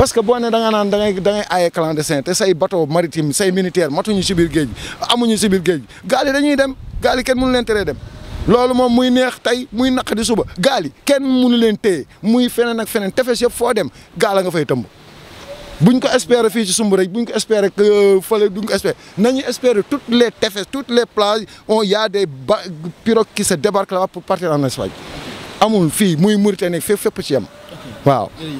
parce que boo ne da nga naan da ngay da ngay aaye clandestin te say bateau maritime say militaire matuñu si biir géej gi amuñu si géej gi gaal yi dañuy dem gaal kenn munu leen teree dem loolu moom muy neex tey muy naq di suba gaal yi kenn mënu leen téye muy feneen ak feneen tefes yëpp foo dem gaala nga fay tëmb buñ ko espérer fii ci sumb rek buñ ko espérer euh, fële duñ ko espérer nañu espérer toutes les tefes toutes les plages on y a des ba pirogues qui se débarquent là-bas pour partir en amul fii muy Mauritanie fépp fépp ci yem